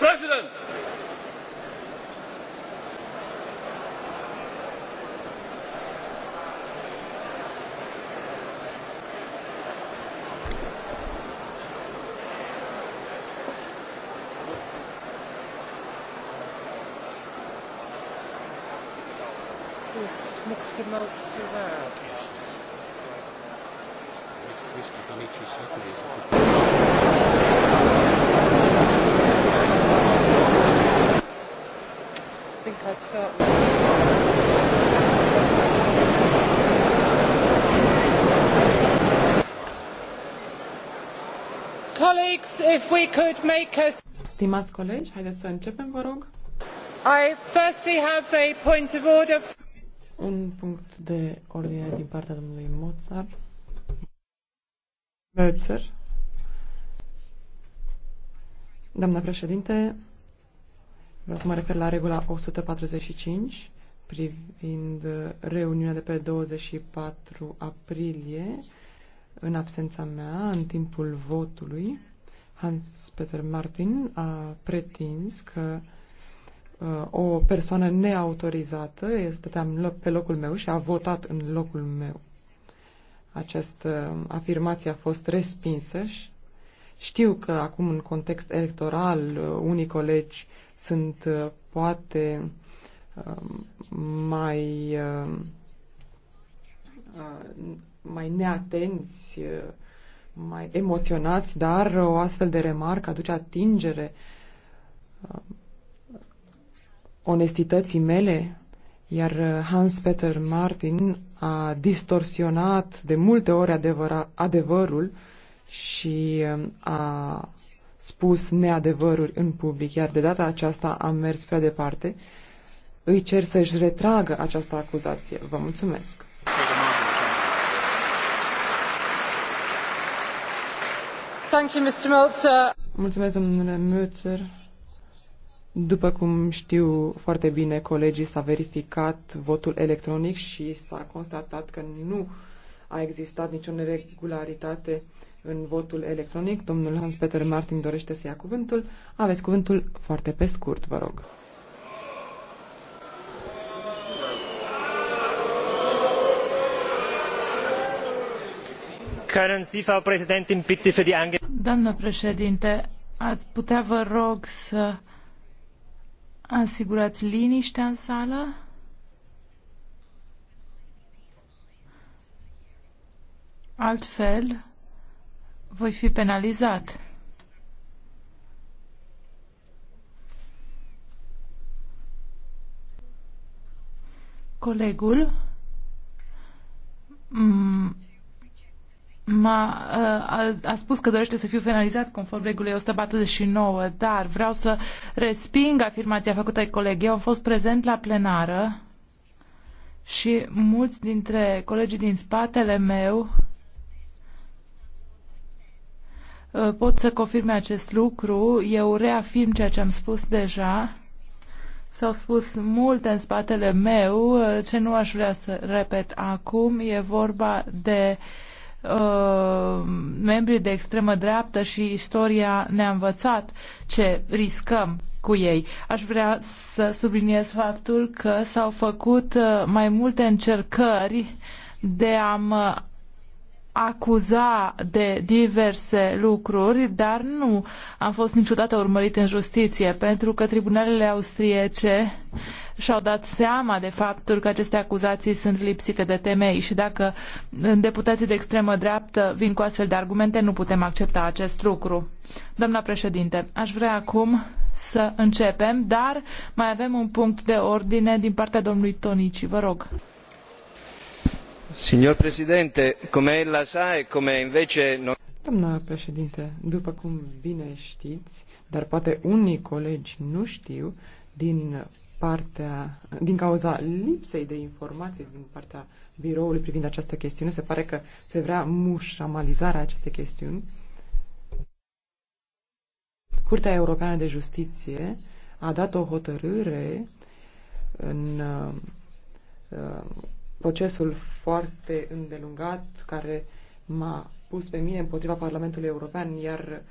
President! Colleagues, if we could make a... Stimați colegi, haideți să începem, vă rog. I firstly have a point of order. Un punct de ordine din partea domnului Mozart. Mozart. Doamna președinte, vreau să mă refer la regula 145 privind reuniunea de pe 24 aprilie în absența mea, în timpul votului, Hans-Peter Martin a pretins că uh, o persoană neautorizată este pe locul meu și a votat în locul meu. Această afirmație a fost respinsă și știu că acum în context electoral uh, unii colegi sunt uh, poate uh, mai mai neatenți, mai emoționați, dar o astfel de remarcă aduce atingere uh, onestității mele, iar uh, Hans-Peter Martin a distorsionat de multe ori adevăra, adevărul și um, a spus neadevăruri în public, iar de data aceasta am mers prea departe. Îi cer să-și retragă această acuzație. Vă mulțumesc! Thank you, Mr. Meltzer. Mulțumesc, domnule Mölzer. După cum știu foarte bine, colegii s-a verificat votul electronic și s-a constatat că nu a existat nicio neregularitate în votul electronic. Domnul Hans-Peter Martin dorește să ia cuvântul. Aveți cuvântul foarte pe scurt, vă rog. Können Sie, Frau Präsidentin, bitte für die Doamnă președinte, ați putea, vă rog, să asigurați liniștea în sală? Altfel, voi fi penalizat. Colegul m-a, uh, a, a spus că dorește să fiu finalizat conform regulii 149, dar vreau să resping afirmația făcută de colegi. Eu am fost prezent la plenară și mulți dintre colegii din spatele meu uh, pot să confirme acest lucru. Eu reafirm ceea ce am spus deja. S-au spus multe în spatele meu, uh, ce nu aș vrea să repet acum. E vorba de uh, Uh, membrii de extremă dreaptă și istoria ne-a învățat ce riscăm cu ei. Aș vrea să subliniez faptul că s-au făcut uh, mai multe încercări de a mă uh, acuza de diverse lucruri, dar nu am fost niciodată urmărit în justiție, pentru că tribunalele austriece și-au dat seama de faptul că aceste acuzații sunt lipsite de temei și dacă deputații de extremă dreaptă vin cu astfel de argumente, nu putem accepta acest lucru. Doamna președinte, aș vrea acum să începem, dar mai avem un punct de ordine din partea domnului Tonici. Vă rog. Signor cum come ella sa e invece... Doamna președinte, după cum bine știți, dar poate unii colegi nu știu, din partea, din cauza lipsei de informații din partea biroului privind această chestiune, se pare că se vrea mușamalizarea acestei chestiuni. Curtea Europeană de Justiție a dat o hotărâre în uh, procesul foarte îndelungat care m-a pus pe mine împotriva Parlamentului European, iar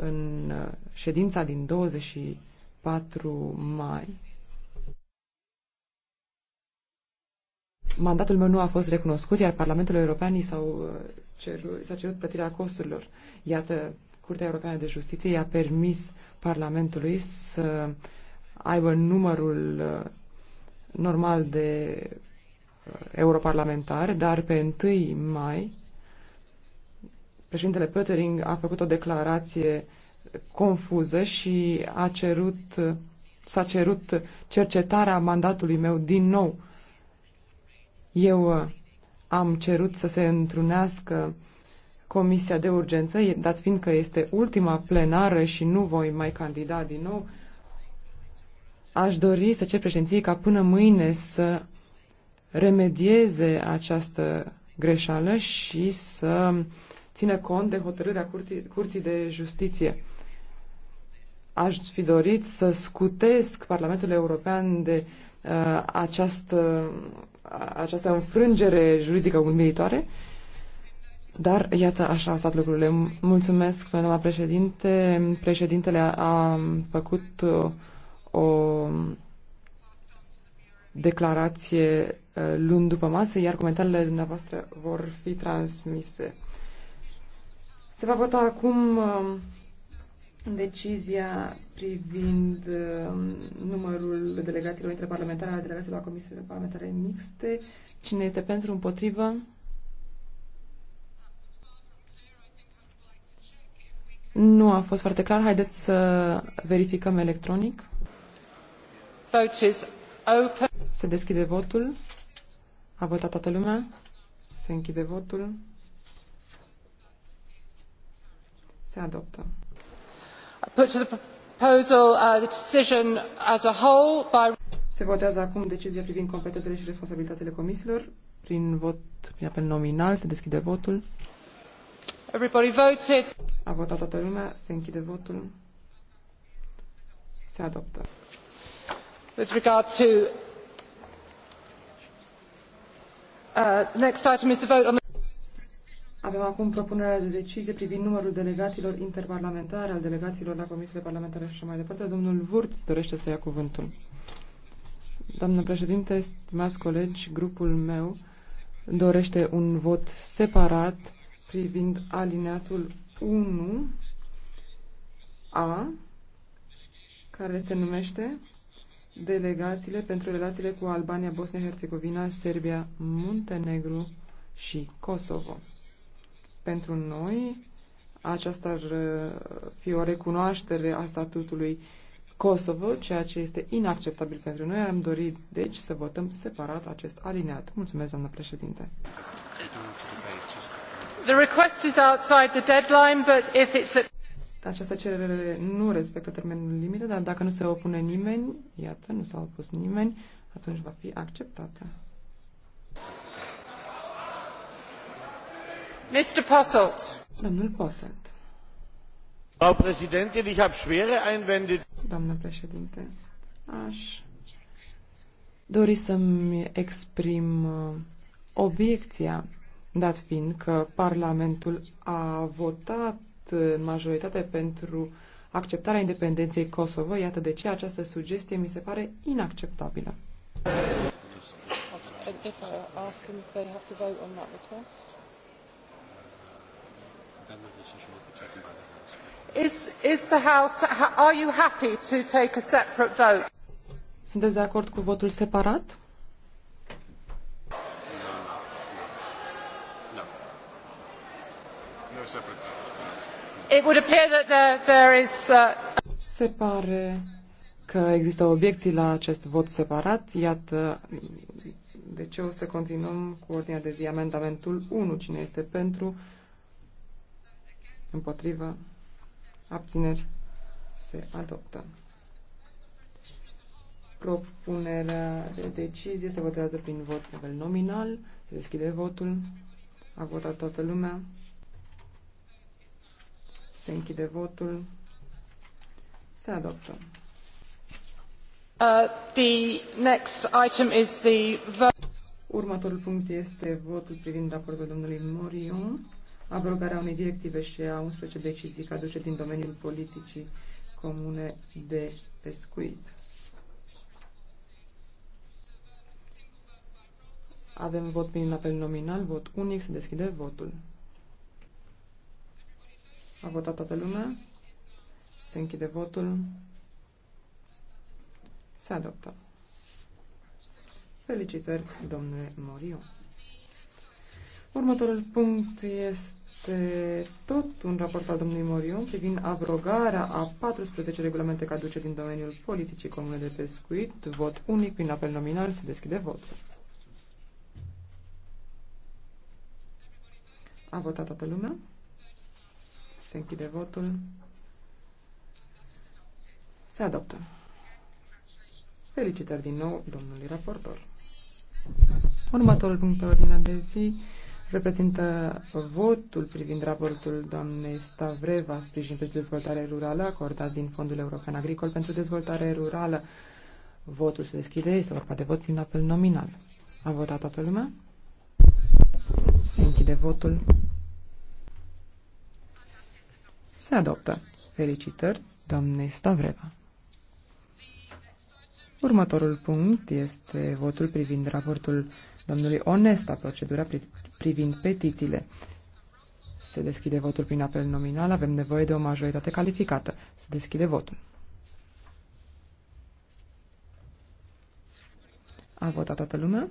în ședința din 24 mai mandatul meu nu a fost recunoscut, iar Parlamentul European i s a uh, cerut, a cerut plătirea costurilor. Iată, Curtea Europeană de Justiție i-a permis Parlamentului să aibă numărul uh, normal de uh, europarlamentari, dar pe 1 mai președintele Pöttering a făcut o declarație confuză și a cerut, s-a cerut cercetarea mandatului meu din nou eu uh, am cerut să se întrunească Comisia de Urgență, dat fiind că este ultima plenară și nu voi mai candida din nou, aș dori să cer președinției ca până mâine să remedieze această greșeală și să țină cont de hotărârea Curții, Curții de Justiție. Aș fi dorit să scutesc Parlamentul European de uh, Uh, această, uh, această înfrângere juridică umilitoare, dar iată, așa au stat lucrurile. Mulțumesc, doamna președinte. Președintele a făcut uh, o declarație luni după masă, iar comentariile dumneavoastră vor fi transmise. Se va vota acum Decizia privind um, numărul delegațiilor interparlamentare, ale delegațiilor la parlamentare mixte, cine este pentru, împotrivă? Nu a fost foarte clar. Haideți să verificăm electronic. Vote is open. Se deschide votul. A votat toată lumea. Se închide votul. Se adoptă put to the proposal uh, the decision as a whole by se votează acum decizia privind competențele și responsabilitățile comisiilor prin vot prin apel nominal se deschide votul Everybody voted. A votat toată lumea, se închide votul. Se adoptă. With regard to uh, next item is the vote on the avem acum propunerea de decizie privind numărul delegaților interparlamentare, al delegațiilor la comisiile parlamentare și așa mai departe. Domnul Vurț dorește să ia cuvântul. Doamnă președinte, stimați colegi, grupul meu dorește un vot separat privind alineatul 1 A, care se numește Delegațiile pentru relațiile cu Albania, Bosnia-Herzegovina, Serbia, Muntenegru și Kosovo pentru noi. Aceasta ar uh, fi o recunoaștere a statutului Kosovo, ceea ce este inacceptabil pentru noi. Am dorit, deci, să votăm separat acest alineat. Mulțumesc, doamnă președinte. The request is outside the deadline, but if it's a... Această cerere nu respectă termenul limită, dar dacă nu se opune nimeni, iată, nu s-a opus nimeni, atunci va fi acceptată. Frau Präsidentin, ich habe schwere Einwände. Doamnă președinte, aș dori să-mi exprim uh, obiecția, dat fiind că Parlamentul a votat uh, în majoritate pentru acceptarea independenței Kosovo. Iată de ce această sugestie mi se pare inacceptabilă. if sunteți de acord cu votul separat? Uh, Se pare că există obiecții la acest vot separat. Iată de deci ce o să continuăm cu ordinea de zi. Amendamentul 1. Cine este pentru? împotrivă, abțineri, se adoptă. Propunerea de decizie se votează prin vot nivel nominal. Se deschide votul. A votat toată lumea. Se închide votul. Se adoptă. Uh, the next item is the... Următorul punct este votul privind raportul domnului Morion abrogarea unei directive și a 11 decizii caduce din domeniul politicii comune de pescuit. Avem vot prin apel nominal, vot unic, se deschide votul. A votat toată lumea. Se închide votul. Se adoptă. Felicitări, domnule Moriu. Următorul punct este este tot un raport al domnului Morion privind abrogarea a 14 regulamente caduce din domeniul politicii comune de pescuit. Vot unic prin apel nominal. Se deschide vot. A votat toată lumea. Se închide votul. Se adoptă. Felicitări din nou domnului raportor. Următorul punct pe ordinea de zi reprezintă votul privind raportul doamnei Stavreva, sprijin pentru dezvoltare rurală, acordat din Fondul European Agricol pentru dezvoltare rurală. Votul se deschide, este vorba de vot prin apel nominal. A votat toată lumea? Se închide votul. Se adoptă. Felicitări, doamnei Stavreva. Următorul punct este votul privind raportul domnului Onesta procedura privind petițiile. Se deschide votul prin apel nominal. Avem nevoie de o majoritate calificată. Se deschide votul. A votat toată lumea?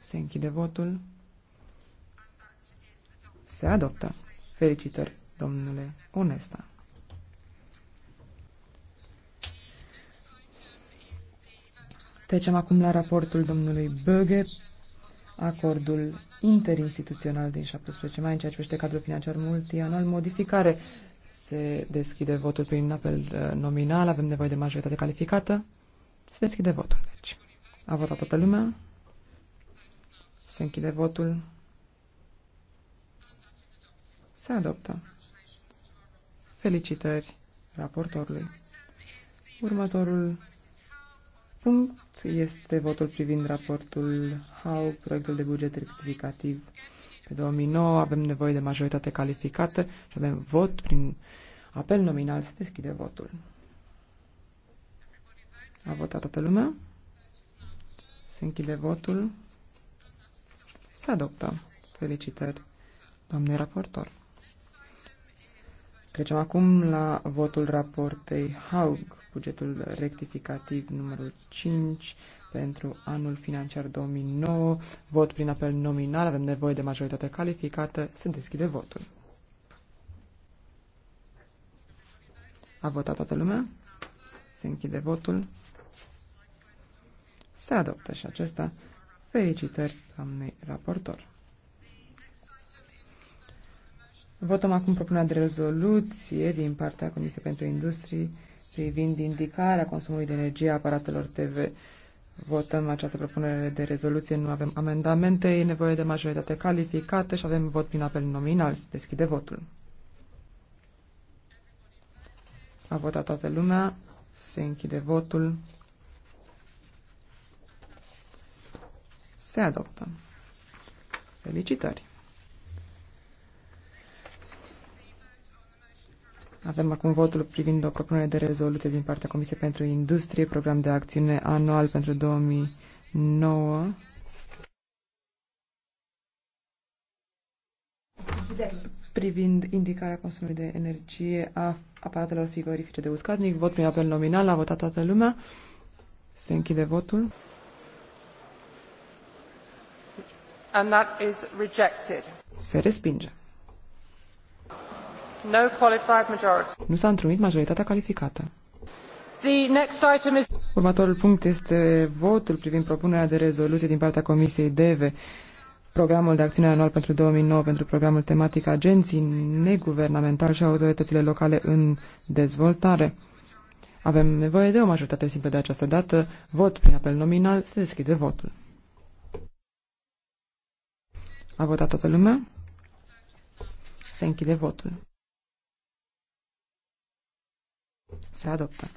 Se închide votul. Se adoptă. Felicitări, domnule Onesta. Trecem acum la raportul domnului Böge, acordul interinstituțional din 17 mai în ceea ce privește cadrul financiar multianual, modificare. Se deschide votul prin apel uh, nominal, avem nevoie de majoritate calificată. Se deschide votul, deci. A votat toată lumea. Se închide votul. Se adoptă. Felicitări raportorului. Următorul punct este votul privind raportul HAU, proiectul de buget rectificativ pe 2009. Avem nevoie de majoritate calificată și avem vot prin apel nominal. Se deschide votul. A votat toată lumea? Se închide votul. Se adoptă. Felicitări, doamne raportor. Trecem acum la votul raportei Haug, bugetul rectificativ numărul 5 pentru anul financiar 2009. Vot prin apel nominal, avem nevoie de majoritate calificată, se deschide votul. A votat toată lumea? Se închide votul. Se adoptă și acesta. Felicitări doamnei raportor. Votăm acum propunerea de rezoluție din partea Comisiei pentru Industrie privind indicarea consumului de energie a aparatelor TV. Votăm această propunere de rezoluție, nu avem amendamente, e nevoie de majoritate calificată și avem vot prin apel nominal. Se deschide votul. A votat toată lumea, se închide votul, se adoptă. Felicitări! Avem acum votul privind o propunere de rezoluție din partea Comisiei pentru Industrie, program de acțiune anual pentru 2009. privind indicarea consumului de energie a aparatelor frigorifice de uscatnic. Vot prin apel nominal. A votat toată lumea. Se închide votul. And that is rejected. Se respinge. Nu s-a întrunit majoritatea calificată. Următorul punct este votul privind propunerea de rezoluție din partea Comisiei DEVE, programul de acțiune anual pentru 2009 pentru programul tematic agenții neguvernamentale și autoritățile locale în dezvoltare. Avem nevoie de o majoritate simplă de această dată. Vot prin apel nominal. Se deschide votul. A votat toată lumea? Se închide votul. Se adoptă.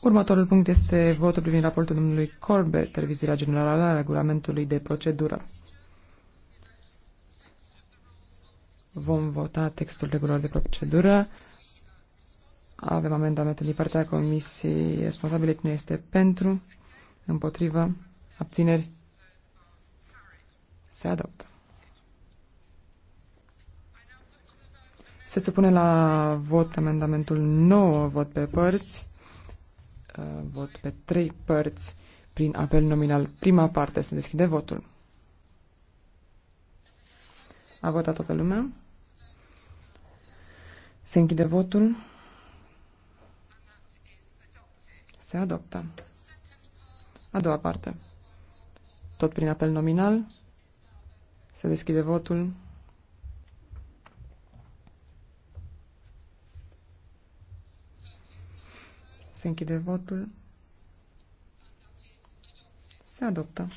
Următorul punct este votul privind raportul domnului Corbett, revizirea generală a regulamentului de procedură. Vom vota textul regulat de procedură. Avem amendamente din partea comisiei responsabile cine este pentru, împotrivă, abțineri. Se adoptă. Se supune la vot amendamentul 9, vot pe părți, uh, vot pe trei părți prin apel nominal. Prima parte se deschide votul. A votat toată lumea. Se închide votul. Se adoptă. A doua parte. Tot prin apel nominal. Se deschide votul. Se închide votul. Se adoptă.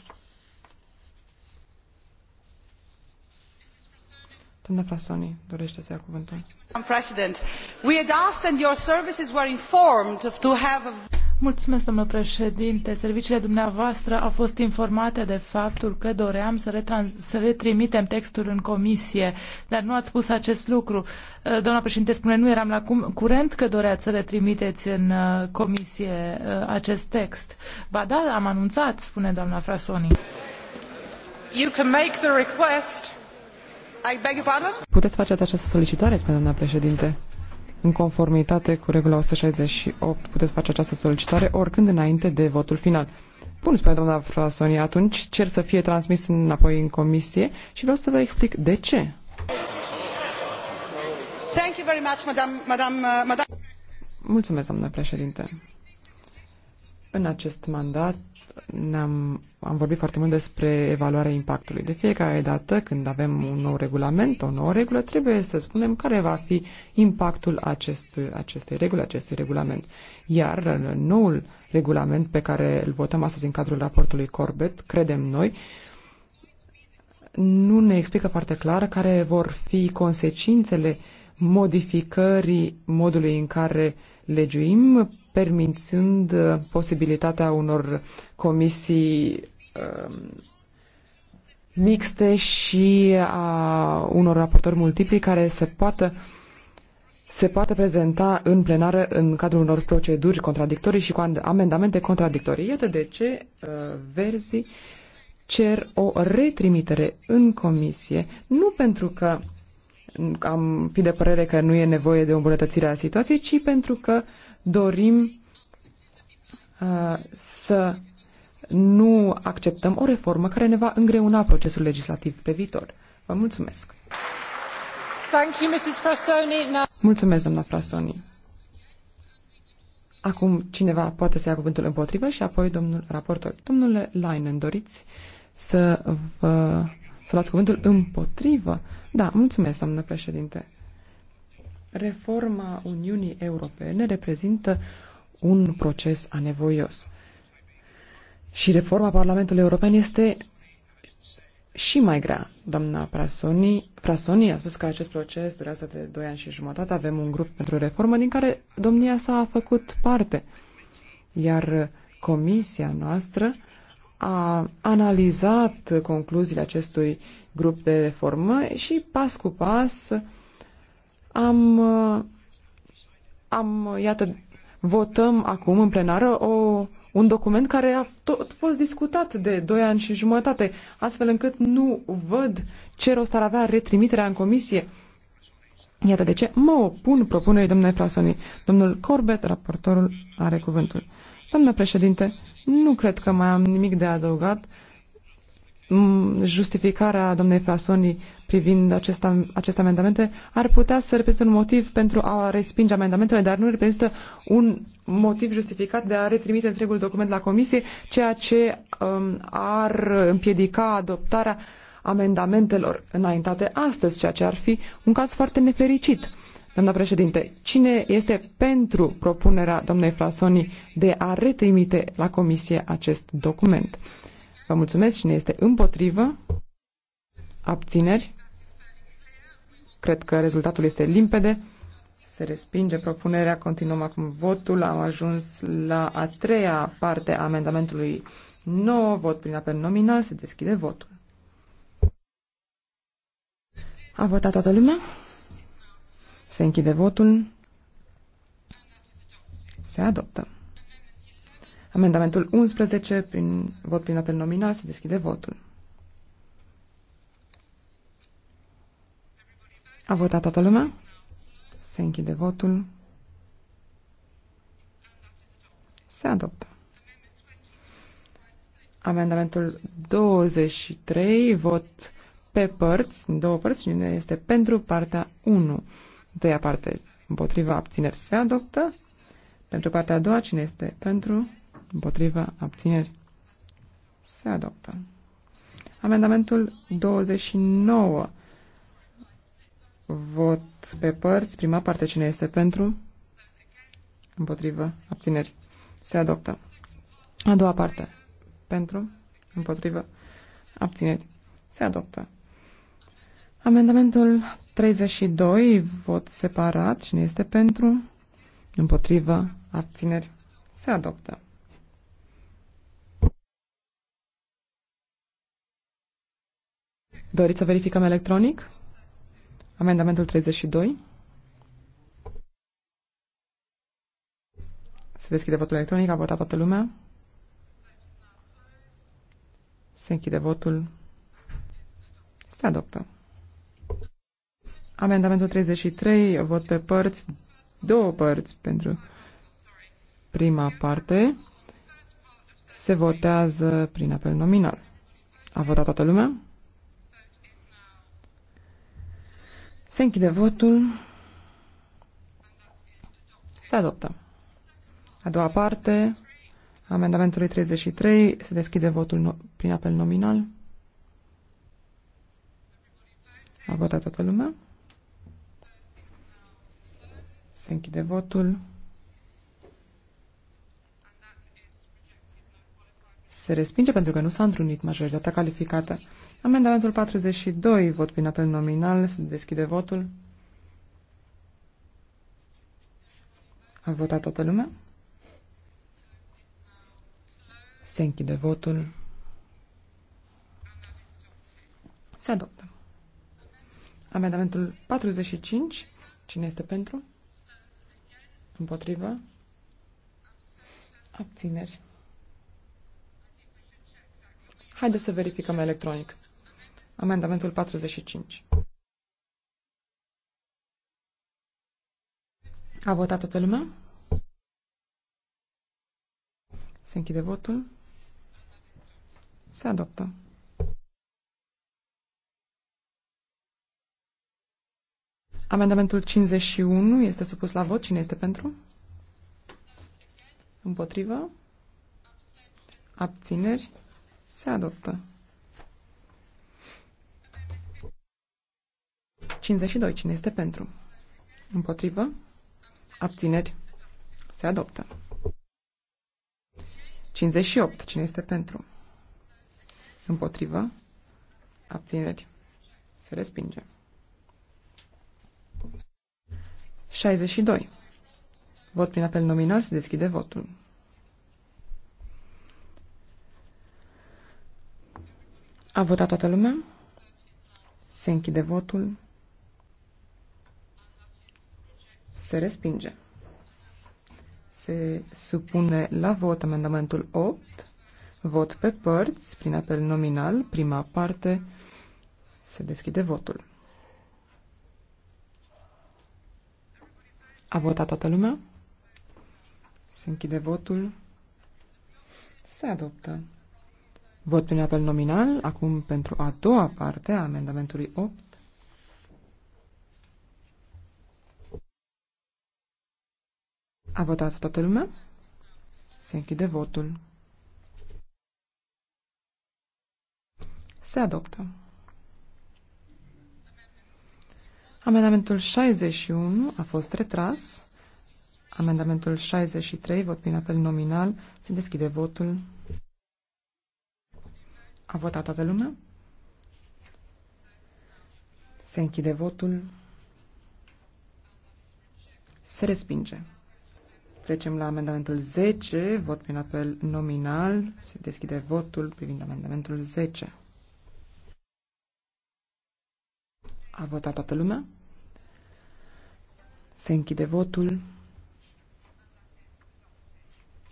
Doamna Frasoni dorește să ia cuvântul. President, we had asked and your services were informed to have a Mulțumesc, domnule președinte. Serviciile dumneavoastră au fost informate de faptul că doream să, să retrimitem textul în comisie, dar nu ați spus acest lucru. Uh, doamna președinte spune, nu eram la curent că doreați să retrimiteți în uh, comisie uh, acest text. Ba da, am anunțat, spune doamna Frasoni. You can make the request. I beg your pardon? Puteți face această solicitare, spune doamna președinte. În conformitate cu regula 168 puteți face această solicitare oricând înainte de votul final. Bun, spune doamna Frasonia, atunci cer să fie transmis înapoi în comisie și vreau să vă explic de ce. Thank you very much, madam, madam, uh, madam. Mulțumesc, doamnă președinte. În acest mandat ne-am, am vorbit foarte mult despre evaluarea impactului. De fiecare dată când avem un nou regulament, o nouă regulă, trebuie să spunem care va fi impactul acest, acestei reguli, acestui regulament. Iar noul regulament pe care îl votăm astăzi în cadrul raportului Corbett, credem noi, nu ne explică foarte clar care vor fi consecințele uh, modificării modului în care legiuim, permițând uh, posibilitatea unor comisii um, mixte și a unor raportori multipli care se poată se poate prezenta în plenară în cadrul unor proceduri contradictorii și cu amendamente contradictorii. Iată de ce uh, verzii cer o retrimitere în comisie, nu pentru că am fi de părere că nu e nevoie de o îmbunătățire a situației, ci pentru că dorim uh, să nu acceptăm o reformă care ne va îngreuna procesul legislativ pe viitor. Vă mulțumesc! Thank you, Mrs. Frasoni. Mulțumesc, doamna Frasoni. Acum cineva poate să ia cuvântul împotrivă și apoi domnul raportor. Domnule Leinen, doriți să vă să luați cuvântul împotrivă. Da, mulțumesc, doamnă președinte. Reforma Uniunii Europene reprezintă un proces anevoios. Și reforma Parlamentului European este și mai grea. Doamna Prasoni, Prasoni a spus că acest proces durează de 2 ani și jumătate. Avem un grup pentru reformă din care domnia s-a făcut parte. Iar comisia noastră a analizat concluziile acestui grup de reformă și pas cu pas am, am iată, votăm acum în plenară o, un document care a tot fost discutat de 2 ani și jumătate, astfel încât nu văd ce rost ar avea retrimiterea în comisie. Iată de ce mă opun propunerii domnului Frasoni. Domnul Corbett, raportorul, are cuvântul. Doamnă președinte, nu cred că mai am nimic de adăugat. Mm, justificarea domnei Fasoni privind acest, aceste amendamente ar putea să reprezinte un motiv pentru a respinge amendamentele, dar nu reprezintă un motiv justificat de a retrimite întregul document la comisie, ceea ce um, ar împiedica adoptarea amendamentelor înaintate astăzi, ceea ce ar fi un caz foarte nefericit. Doamna președinte, cine este pentru propunerea doamnei Frasoni de a retrimite la comisie acest document? Vă mulțumesc. Cine este împotrivă? Abțineri? Cred că rezultatul este limpede. Se respinge propunerea. Continuăm acum votul. Am ajuns la a treia parte a amendamentului 9. Vot prin apel nominal. Se deschide votul. A votat toată lumea? Se închide votul. Se adoptă. Amendamentul 11, prin vot prin apel nominal, se deschide votul. A votat toată lumea? Se închide votul. Se adoptă. Amendamentul 23, vot pe părți, în două părți, cine este pentru partea 1. Întâia parte împotriva abțineri se adoptă. Pentru partea a doua, cine este pentru, împotriva abțineri se adoptă. Amendamentul 29. Vot pe părți. Prima parte, cine este pentru, împotriva abțineri se adoptă. A doua parte, pentru, împotriva abțineri se adoptă. Amendamentul 32, vot separat. Cine este pentru? Împotrivă? Abțineri? Se adoptă. Doriți să verificăm electronic? Amendamentul 32. Se deschide votul electronic. A votat toată lumea. Se închide votul. Se adoptă. Amendamentul 33, vot pe părți, două părți pentru prima parte. Se votează prin apel nominal. A votat toată lumea? Se închide votul. Se adoptă. A doua parte, amendamentului 33, se deschide votul no prin apel nominal. A votat toată lumea? Se închide votul. Se respinge pentru că nu s-a întrunit majoritatea calificată. Amendamentul 42, vot prin apel nominal, se deschide votul. A votat toată lumea? Se închide votul. Se adoptă. Amendamentul 45. Cine este pentru? Împotrivă? Abțineri. Haideți să verificăm electronic. Amendamentul 45. A votat toată lumea? Se închide votul. Se adoptă. Amendamentul 51 este supus la vot. Cine este pentru? Împotrivă? Abțineri? Se adoptă. 52. Cine este pentru? Împotrivă? Abțineri? Se adoptă. 58. Cine este pentru? Împotrivă? Abțineri? Se respinge. 62. Vot prin apel nominal se deschide votul. A votat toată lumea? Se închide votul. Se respinge. Se supune la vot amendamentul 8. Vot pe părți, prin apel nominal, prima parte, se deschide votul. A votat toată lumea? Se închide votul. Se adoptă. Vot prin apel nominal, acum pentru a doua parte a amendamentului 8. A votat toată lumea? Se închide votul. Se adoptă. Amendamentul 61 a fost retras. Amendamentul 63, vot prin apel nominal, se deschide votul. A votat toată lumea? Se închide votul. Se respinge. Trecem la amendamentul 10, vot prin apel nominal, se deschide votul privind amendamentul 10. A votat toată lumea? Se închide votul.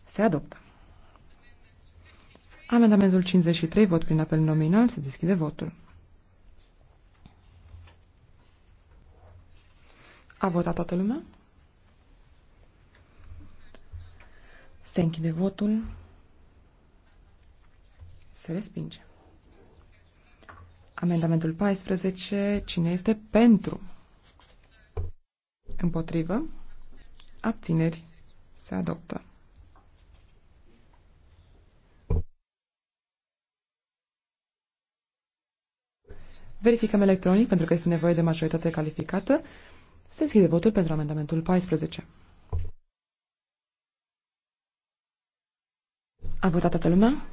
Se adoptă. Amendamentul 53, vot prin apel nominal, se deschide votul. A votat toată lumea? Se închide votul. Se respinge. Amendamentul 14. Cine este pentru? Împotrivă? Abțineri? Se adoptă. Verificăm electronic pentru că este nevoie de majoritate calificată. Se deschide votul pentru amendamentul 14. A votat toată lumea?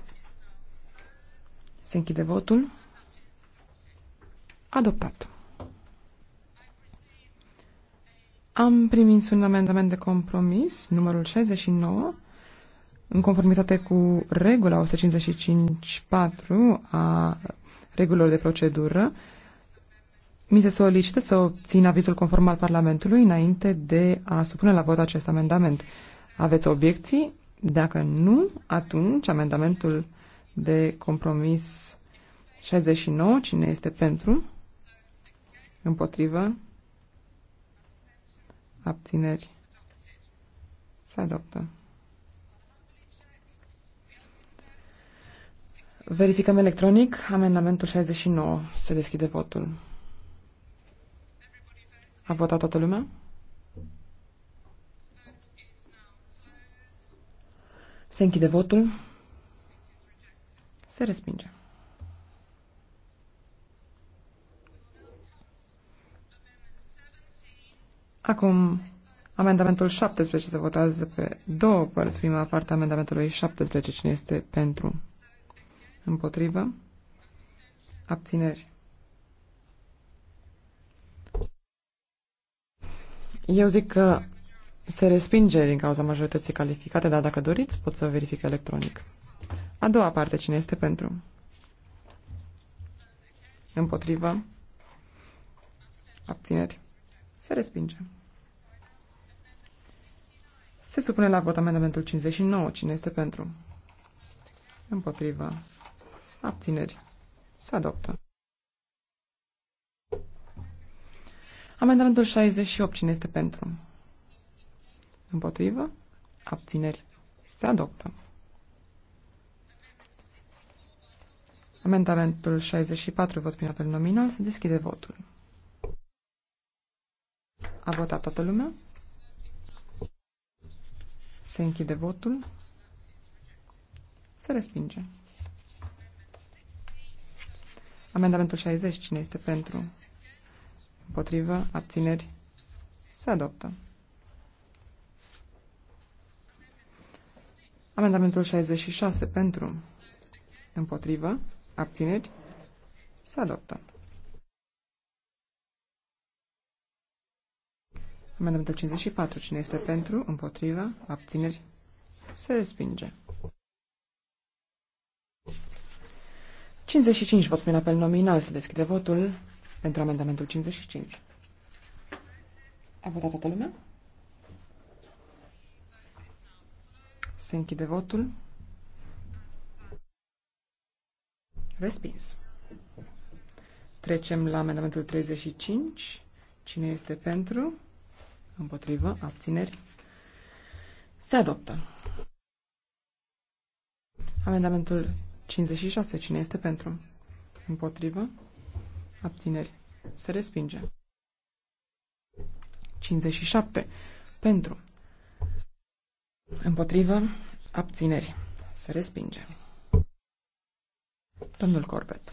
Se închide votul. Adoptat. Am primit un amendament de compromis, numărul 69, în conformitate cu regula 155.4 a regulilor de procedură, mi se solicită să obțin avizul conform al Parlamentului înainte de a supune la vot acest amendament. Aveți obiecții? Dacă nu, atunci amendamentul de compromis 69, cine este pentru? Împotrivă. Abțineri. Se adoptă. Verificăm electronic amendamentul 69. Se deschide votul. A votat toată lumea? Se închide votul. Se respinge. Acum, amendamentul 17 se votează pe două părți. Prima parte a amendamentului 17. Cine este pentru? Împotrivă? Abțineri? Eu zic că se respinge din cauza majorității calificate, dar dacă doriți, pot să verific electronic. A doua parte, cine este pentru? Împotrivă? Abțineri? Se respinge. Se supune la vot amendamentul 59. Cine este pentru? Împotrivă. Abțineri. Se adoptă. Amendamentul 68. Cine este pentru? Împotrivă. Abțineri. Se adoptă. Amendamentul 64. Vot prin apel nominal. Se deschide votul. A votat toată lumea? Se închide votul. Se respinge. Amendamentul 60. Cine este pentru? Împotrivă? Abțineri? Se adoptă. Amendamentul 66. Pentru? Împotrivă? Abțineri? Se adoptă. Amendamentul 54. Cine este pentru? Împotriva? Abțineri? Se respinge. 55. Vot prin apel nominal. Se deschide votul pentru amendamentul 55. A votat toată lumea? Se închide votul. Respins. Trecem la amendamentul 35. Cine este pentru? Împotrivă. Abțineri. Se adoptă. Amendamentul 56. Cine este pentru? Împotrivă. Abțineri. Se respinge. 57. Pentru. Împotrivă. Abțineri. Se respinge. Domnul Corbet.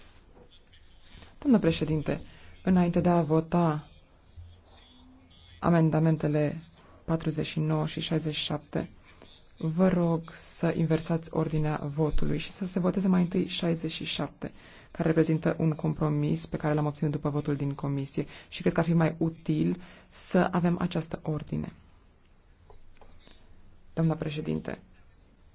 Domnul președinte, înainte de a vota amendamentele 49 și 67, vă rog să inversați ordinea votului și să se voteze mai întâi 67, care reprezintă un compromis pe care l-am obținut după votul din comisie și cred că ar fi mai util să avem această ordine. Doamna președinte,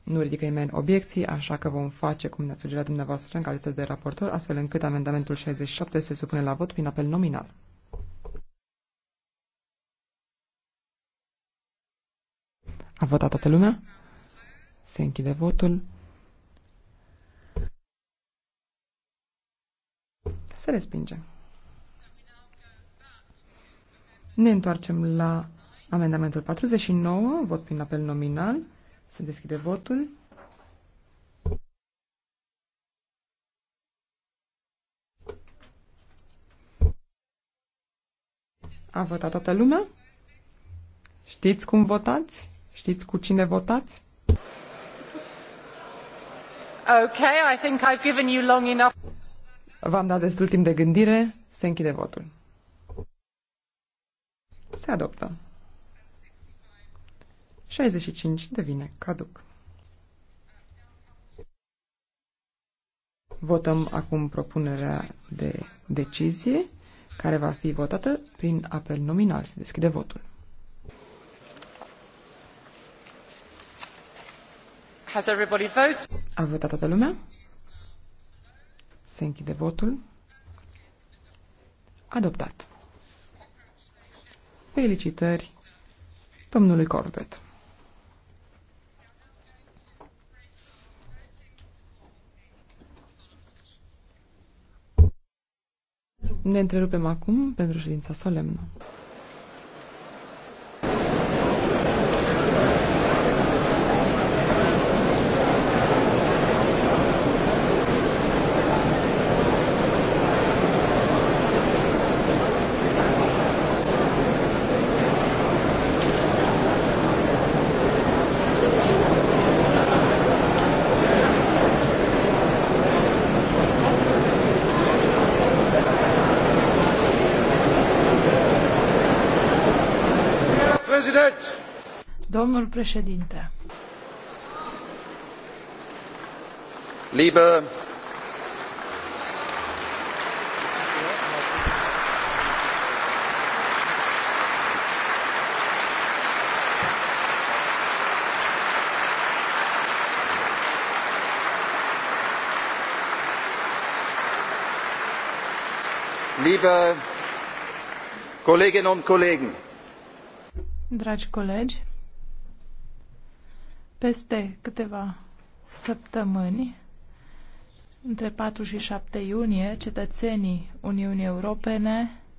nu ridică nimeni obiecții, așa că vom face cum ne-a sugerat dumneavoastră în calitate de raportor, astfel încât amendamentul 67 se supune la vot prin apel nominal. A votat toată lumea? Se închide votul. Se respinge. Ne întoarcem la amendamentul 49, vot prin apel nominal. Se deschide votul. A votat toată lumea? Știți cum votați? Știți cu cine votați? Okay, I think I've given you long enough. V-am dat destul timp de gândire. Se închide votul. Se adoptă. 65 devine caduc. Votăm acum propunerea de decizie care va fi votată prin apel nominal. Se deschide votul. Has everybody voted? A votat toată lumea? Se închide votul. Adoptat. Felicitări domnului Corbett. Ne întrerupem acum pentru ședința solemnă. Domnul președinte. Liebe liebe kolleginnen und kollegen dragi colegi peste câteva săptămâni, între 4 și 7 iunie, cetățenii Uniunii Europene